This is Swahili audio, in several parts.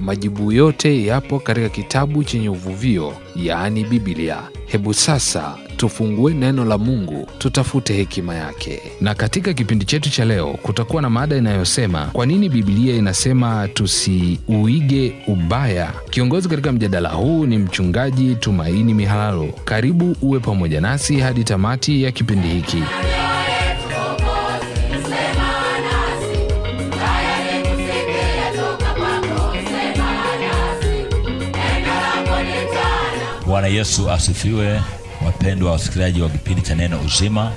Majibu yote yapo katika kitabu chenye uvuvio, yaani Biblia. Hebu sasa tufungue neno la Mungu, tutafute hekima yake. Na katika kipindi chetu cha leo kutakuwa na mada inayosema kwa nini Biblia inasema tusiuige ubaya. Kiongozi katika mjadala huu ni mchungaji Tumaini Mihalalo. Karibu uwe pamoja nasi hadi tamati ya kipindi hiki. Bwana Yesu asifiwe. Wapendwa wasikilizaji wa kipindi cha Neno Uzima,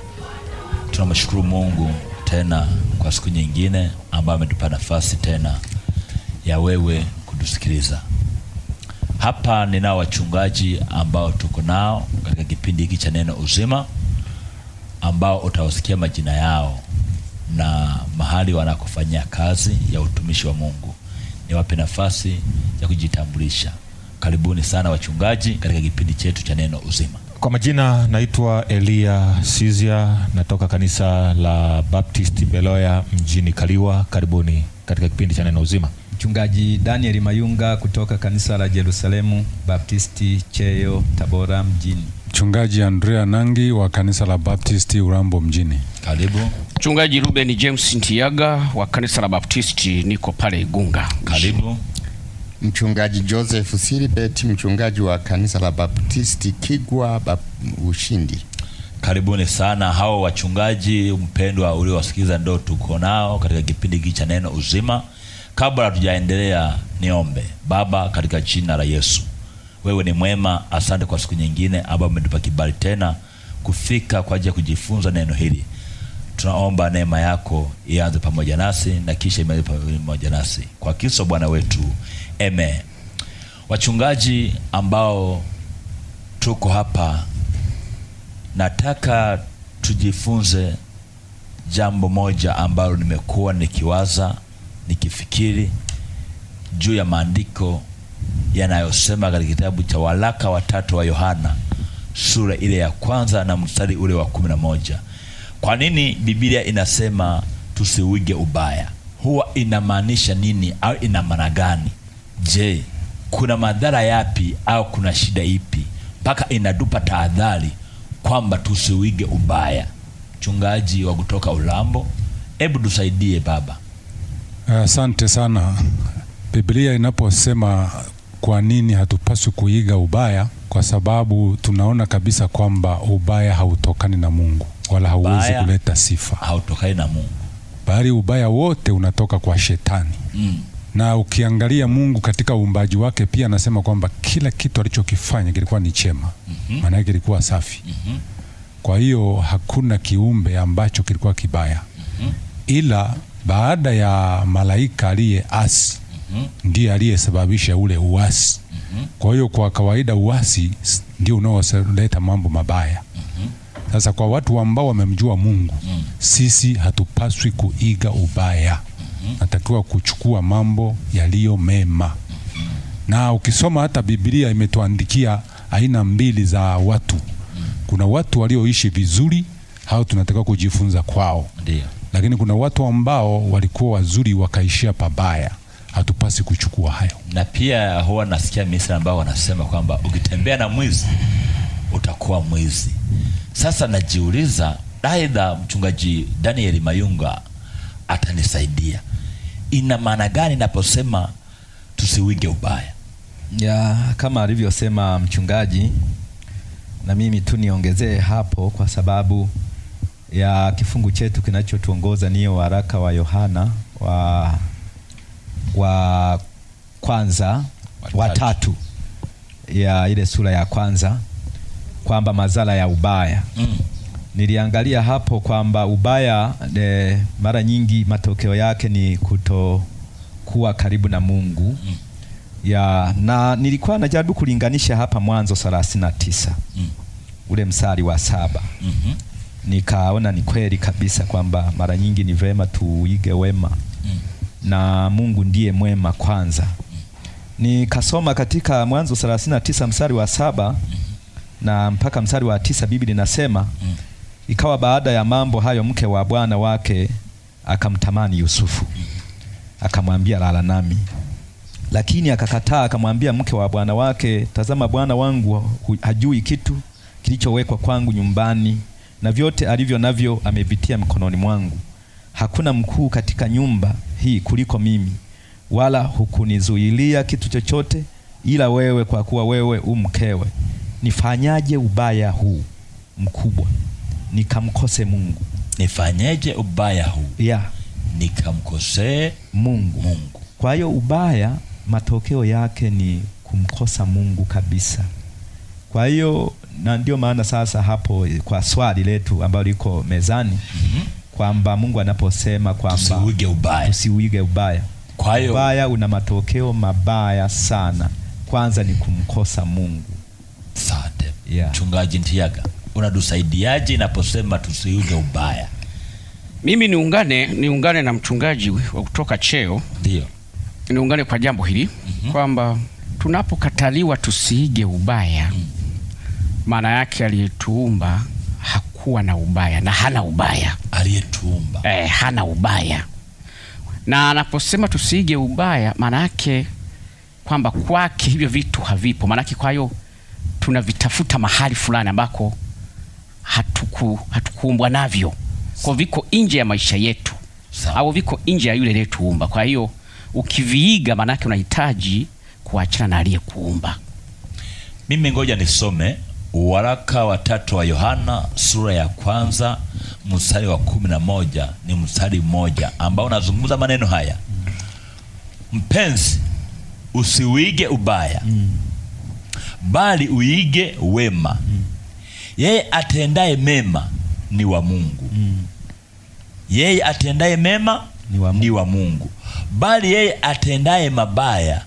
tunamshukuru Mungu tena kwa siku nyingine ambayo ametupa nafasi tena ya wewe kutusikiliza. Hapa ninao wachungaji ambao tuko nao katika kipindi hiki cha Neno Uzima, ambao utawasikia majina yao na mahali wanakofanyia kazi ya utumishi wa Mungu. Niwape nafasi ya kujitambulisha. Karibuni sana wachungaji katika kipindi chetu cha neno uzima. Kwa majina naitwa Elia Sizia, natoka kanisa la Baptist Beloya mjini Kaliwa. Karibuni katika kipindi cha neno uzima. Mchungaji Daniel Mayunga kutoka kanisa la jerusalemu Baptisti Cheyo, Tabora mjini. Mchungaji Andrea Nangi wa kanisa la Baptisti Urambo mjini. Karibu. Mchungaji Ruben James Ntiyaga wa kanisa la Baptisti, niko pale Igunga. Karibu. Mchungaji Joseph Silibeti, mchungaji wa kanisa la Baptisti Kigwa Bap Ushindi. Karibuni sana hao wachungaji mpendwa uliowasikiliza ndo tuko nao katika kipindi hiki cha neno uzima. Kabla hatujaendelea, niombe. Baba, katika jina la Yesu, wewe ni mwema. Asante kwa siku nyingine ambayo umetupa kibali tena kufika kwa ajili ya kujifunza neno hili. Tunaomba neema yako ianze pamoja nasi na kisha imalize pamoja nasi kwa Kristo Bwana wetu. Amen. Wachungaji ambao tuko hapa, nataka tujifunze jambo moja ambalo nimekuwa nikiwaza nikifikiri juu ya maandiko yanayosema katika kitabu cha waraka watatu wa Yohana sura ile ya kwanza na mstari ule wa kumi na moja. Kwa nini Biblia inasema tusiwige ubaya? Huwa inamaanisha nini au ina maana gani? Je, kuna madhara yapi au kuna shida ipi mpaka inadupa tahadhari kwamba tusiwige ubaya? Mchungaji wa kutoka Ulambo, hebu tusaidie baba. Asante uh, sana. Biblia inaposema kwa nini hatupaswi kuiga ubaya, kwa sababu tunaona kabisa kwamba ubaya hautokani na Mungu wala hauwezi kuleta sifa, hautokani na Mungu, bali ubaya wote unatoka kwa shetani mm na ukiangalia Mungu katika uumbaji wake pia anasema kwamba kila kitu alichokifanya kilikuwa ni chema, mhm. maana mm -hmm. kilikuwa safi mm -hmm. kwa hiyo hakuna kiumbe ambacho kilikuwa kibaya mm -hmm. ila baada ya malaika aliyeasi mm -hmm. ndiye aliyesababisha ule uasi mm -hmm. kwa hiyo kwa kawaida uasi ndio unaoleta mambo mabaya mm -hmm. Sasa kwa watu ambao wamemjua Mungu mm -hmm. sisi hatupaswi kuiga ubaya natakiwa kuchukua mambo yaliyo mema. Na ukisoma hata Biblia imetuandikia aina mbili za watu. Kuna watu walioishi vizuri, hao tunatakiwa kujifunza kwao. Ndiyo. Lakini kuna watu ambao walikuwa wazuri wakaishia pabaya. Hatupasi kuchukua hayo. Na pia huwa nasikia misri ambao wanasema kwamba ukitembea na mwizi utakuwa mwizi. Sasa najiuliza, aidha mchungaji Daniel Mayunga atanisaidia ina maana gani naposema tusiwinge ubaya? Ya, kama alivyosema mchungaji, na mimi tu niongezee hapo, kwa sababu ya kifungu chetu kinachotuongoza niyo waraka wa Yohana wa, wa kwanza watatu tatu ya ile sura ya kwanza kwamba madhara ya ubaya mm niliangalia hapo kwamba ubaya e, mara nyingi matokeo yake ni kutokuwa karibu na Mungu mm. ya, na nilikuwa najaribu kulinganisha hapa Mwanzo thelathini na tisa mm. ule msari wa saba mm -hmm. nikaona ni kweli kabisa kwamba mara nyingi ni vema tuige wema mm. na Mungu ndiye mwema kwanza nikasoma katika Mwanzo thelathini na tisa msari wa saba mm -hmm. na mpaka msari wa tisa Biblia inasema mm Ikawa baada ya mambo hayo, mke wa bwana wake akamtamani Yusufu, akamwambia lala nami. Lakini akakataa, akamwambia mke wa bwana wake, tazama, bwana wangu hajui kitu kilichowekwa kwangu nyumbani, na vyote alivyo navyo amevitia mkononi mwangu. Hakuna mkuu katika nyumba hii kuliko mimi, wala hukunizuilia kitu chochote ila wewe, kwa kuwa wewe u mkewe. Nifanyaje ubaya huu mkubwa? nikamkose Mungu. Nifanyeje ubaya huu? Yeah. Nikamkosee Mungu. Mungu. Kwa hiyo ubaya matokeo yake ni kumkosa Mungu kabisa. Kwa hiyo na ndio maana sasa hapo kwa swali letu ambalo liko mezani mm -hmm. kwamba Mungu anaposema kwamba tusiuige ubaya, tusiuige ubaya. Kwa hiyo ubaya una matokeo mabaya sana. Kwanza ni kumkosa Mungu. Sante. Yeah. Mchungaji Ntiyaga unatusaidiaje inaposema tusiuze ubaya? Mimi niungane niungane na mchungaji wa kutoka Cheo, ndio niungane kwa jambo hili mm -hmm. kwamba tunapokataliwa tusiige ubaya mm. maana mm. yake aliyetuumba hakuwa na ubaya na hana ubaya aliyetuumba, eh, hana ubaya na anaposema tusiige ubaya maana yake kwamba kwake hivyo vitu havipo. Maana yake kwa hiyo tunavitafuta mahali fulani ambako hatuku hatukuumbwa navyo, kwa viko nje ya maisha yetu Sao. au viko nje ya yule aliyetuumba. Kwa hiyo ukiviiga, maanake unahitaji kuachana na aliyekuumba. Mimi ngoja nisome waraka wa tatu wa Yohana sura ya kwanza mstari wa kumi na moja ni mstari mmoja ambao unazungumza maneno haya mm. Mpenzi, usiuige ubaya mm. bali uige wema mm yeye atendaye mema ni wa Mungu mm. yeye atendaye mema ni wa Mungu, ni wa Mungu. Bali yeye atendaye mabaya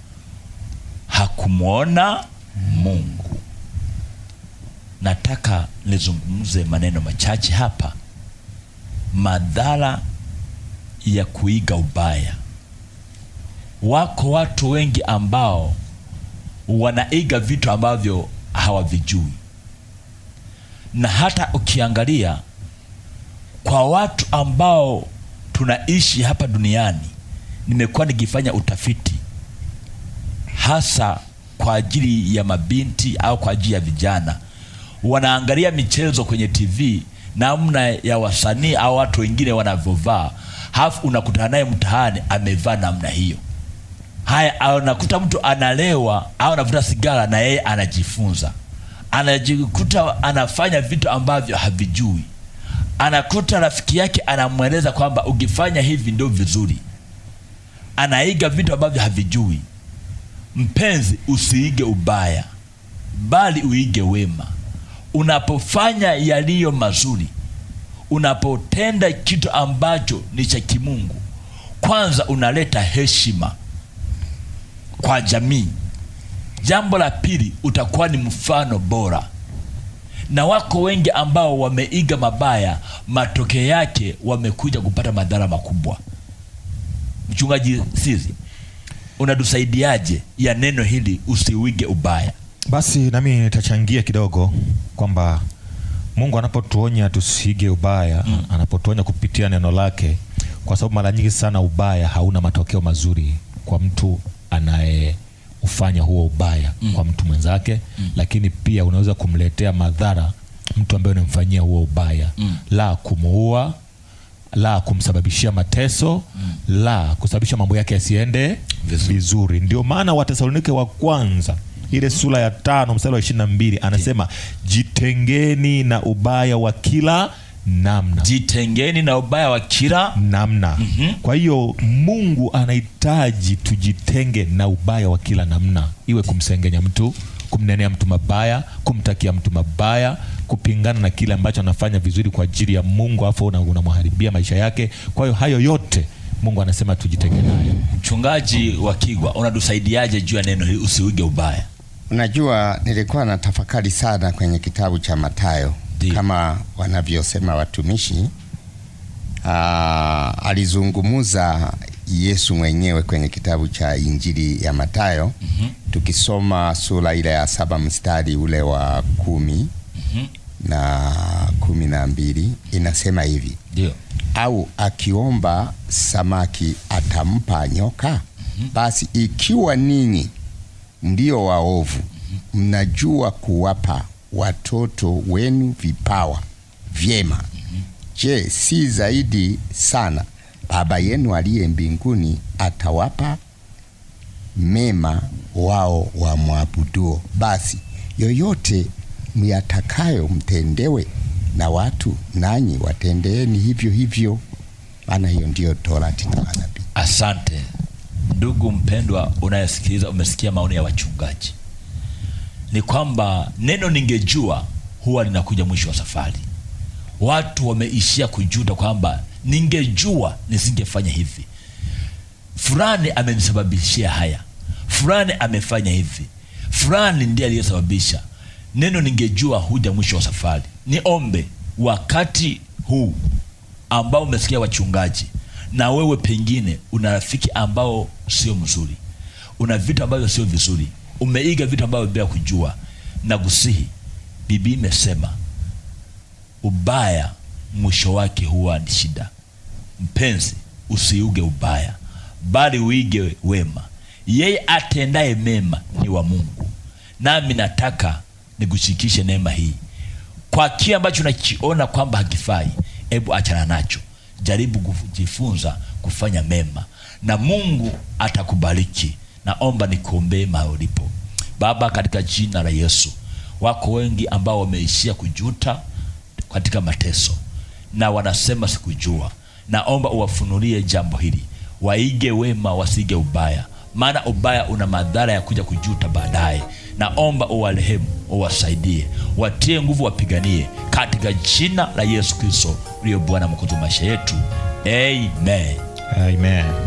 hakumwona mm. Mungu. Nataka nizungumze maneno machache hapa, madhara ya kuiga ubaya. Wako watu wengi ambao wanaiga vitu ambavyo hawavijui na hata ukiangalia kwa watu ambao tunaishi hapa duniani, nimekuwa nikifanya utafiti hasa kwa ajili ya mabinti au kwa ajili ya vijana, wanaangalia michezo kwenye TV, namna ya wasanii au watu wengine wanavyovaa, halafu unakutana naye mtaani amevaa namna hiyo. Haya, anakuta mtu analewa au anavuta sigara, na yeye anajifunza anajikuta anafanya vitu ambavyo havijui. Anakuta rafiki yake anamweleza kwamba ukifanya hivi ndio vizuri, anaiga vitu ambavyo havijui. Mpenzi, usiige ubaya, bali uige wema. Unapofanya yaliyo mazuri, unapotenda kitu ambacho ni cha kimungu, kwanza unaleta heshima kwa jamii. Jambo la pili, utakuwa ni mfano bora, na wako wengi ambao wameiga mabaya, matokeo yake wamekuja kupata madhara makubwa. Mchungaji Sizi, unatusaidiaje ya neno hili usiwige ubaya? Basi nami nitachangia kidogo kwamba Mungu anapotuonya tusiige ubaya mm. anapotuonya kupitia neno lake, kwa sababu mara nyingi sana ubaya hauna matokeo mazuri kwa mtu anaye kufanya huo ubaya mm. kwa mtu mwenzake mm. lakini pia unaweza kumletea madhara mtu ambaye unamfanyia huo ubaya mm. la kumuua la kumsababishia mateso mm. la kusababisha mambo yake yasiende vizuri, Ndio maana Watesalonike wa kwanza ile sura ya tano mstari wa ishirini na mbili anasema yeah. jitengeni na ubaya wa kila namna. Jitengeni na ubaya wa kila namna. mm -hmm. Kwa hiyo Mungu anahitaji tujitenge na ubaya wa kila namna, iwe kumsengenya mtu, kumnenea mtu mabaya, kumtakia mtu mabaya, kupingana na kile ambacho anafanya vizuri kwa ajili ya Mungu, afu unamharibia maisha yake. Kwa hiyo hayo yote Mungu anasema tujitenge nayo. Mchungaji wa Kigwa, unatusaidiaje juu ya neno hili usiuge ubaya? Unajua, nilikuwa na tafakari sana kwenye kitabu cha Mathayo Di. Kama wanavyosema watumishi aa, ah, alizungumuza Yesu mwenyewe kwenye kitabu cha Injili ya Mathayo mm -hmm. tukisoma sura ile ya saba mstari ule wa kumi mm -hmm. na kumi na mbili inasema hivi Dio. au akiomba samaki atampa nyoka mm -hmm. basi ikiwa ninyi ndio waovu mhm. mnajua kuwapa watoto wenu vipawa vyema. Je, si zaidi sana Baba yenu aliye mbinguni atawapa mema wao wa mwabuduo? Basi yoyote myatakayo mtendewe na watu, nanyi watendeeni hivyo hivyo, maana hiyo ndiyo torati na manabii. Asante ndugu mpendwa unayesikiliza, umesikia maoni ya wachungaji ni kwamba neno ningejua huwa linakuja mwisho wa safari. Watu wameishia kujuta kwamba ningejua nisingefanya hivi, fulani amenisababishia haya, fulani amefanya hivi, fulani ndiye aliyesababisha. Neno ningejua huja mwisho wa safari. Niombe wakati huu ambao umesikia wachungaji, na wewe pengine una rafiki ambao sio mzuri, una vitu ambavyo sio vizuri umeiga vitu ambavyo bila kujua. Na kusihi, Biblia imesema ubaya mwisho wake huwa ni shida. Mpenzi, usiuge ubaya, bali uige wema. Yeye atendaye mema ni wa Mungu. Nami nataka nikushikishe neema hii, kwa kile ambacho unachiona kwamba hakifai, hebu achana nacho, jaribu kujifunza kufanya mema na Mungu atakubariki. Naomba nikuombee mahali ulipo. Baba, katika jina la Yesu, wako wengi ambao wameishia kujuta katika mateso na wanasema sikujua. Naomba uwafunulie jambo hili, waige wema, wasige ubaya, maana ubaya una madhara ya kuja kujuta baadaye. Naomba uwarehemu, uwasaidie, watie nguvu, wapiganie katika jina la Yesu Kristo uliyo Bwana mwokozi wa maisha yetu. Amen. Amen.